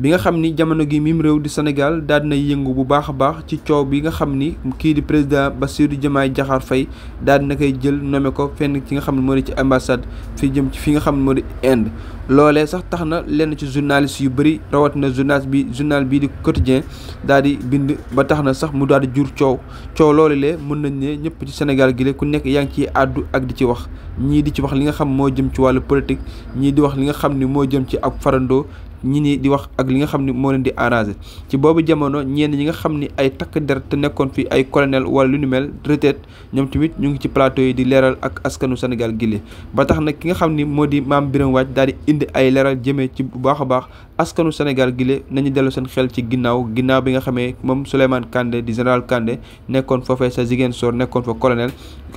bi nga xam ni jamono gi mim réew di Sénégal daal dinay yëngu bu baax a baax ci coow bi nga xam ni kii di président ba Bassirou Diomaye Diakhar Faye daal na kay jël nommé ko fenn ci nga xam ne moo di ci ambassade fi jëm ci fi nga xam moo di Inde loolee sax tax na lenn ci journaliste yu bëri rawatina journaliste bi journal bii di quotidien daal di bind ba tax na sax mu daal di jur coow coow loolu mën nañ ne ñëpp ci Sénégal gi le ku nekk yaa ngi ciy àddu ak di ci wax ñii di ci wax li nga xam moo jëm ci wàllu politique ñii di wax li nga xam ni moo jëm ci ak farandoo ñi ni di wax ak li nga xam ni moo leen di arrangé ci boobu jamono ñenn ñi nga xam ni ay takk der te nekkoon fi ay colonel wala lu ni mel retraite ñoom tamit ñu ngi ci plateau yi di leeral ak askanu Sénégal gile ba tax nag ki nga xam ni moo di maam biram Wathie dal di indi ay leeral jëmee ci bu baax a baax askanu Sénégal gi le nañu dellu seen xel ci ginnaaw ginnaaw bi nga xamee moom Souleymane Kandé di général Kandé nekkoon foofee sa Ziguinchor nekkoon fa colonel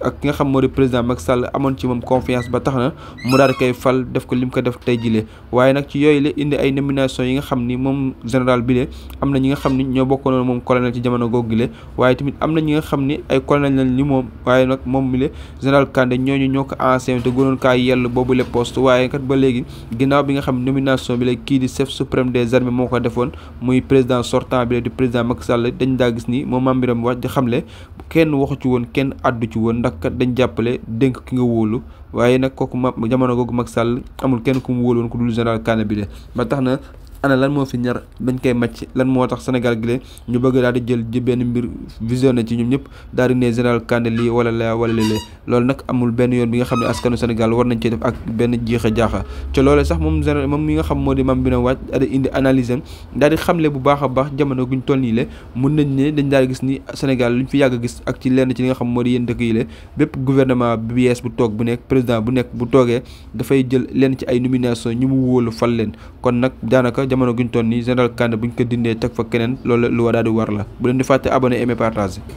ak ki nga xam moo di président Macky Sall amoon moom confiance ba def ko lim ko def tey jile waaye nag yooyu la indi ay nomination yi nga xam ni moom am na ñi nga xam ni ñoo bokkoon moom colonel ci jamono googu le waaye tamit am na ñi nga xam ni ay colonel lañ li moom waaye nag moom mi le général Kandé ñooñu ñoo ko ancien te gënoon kaa yell boobu le poste waaye kat ba léegi ginnaaw bi nga xam nomination bi la kii di chef suprême des armées moo ko defoon muy président sortant bi di président Macky Sall dañu daa gis ni moom Mame Birame wax di xamle kenn waxu ci woon kenn àddu ci woon ndax kat dañ jàppale dénk ki nga wóolu waaye nag kooku ma jamono googu Macky sàll amul kenn ku mu wóolu woon ku dul général kaana bi de ba tax na ana lan moo fi ñar dañ koy màcc lan moo tax Sénégal gi ñu bëgg daal di jël ji benn mbir visionné ci ñoom ñëpp daal di ne général Kandé lii wala la wala lée loolu nag amul benn yoon bi nga xam ne askanu Sénégal war nañ cee def ak benn jiix a jaaxa ca loolee sax moom général moom mi nga xam moo di Mame Birame Wathie daal di indi analyse am daal xamle bu baax a baax jamono guñ toll nii le mun nañ ne dañ daal gis ni Sénégal luñ fi yàgg gis ak ci lenn ci li nga xam moo di yéen dëkk yi le bépp gouvernement bu yees bu toog bu nekk bu nekk bu toogee dafay jël lenn ci ay nomination ñu mu fal leen jamono guñ toll nii général Kandé buñ ko dindee teg fa keneen loolu lu war daal di war la bu leen di fàtte abonné aimé partage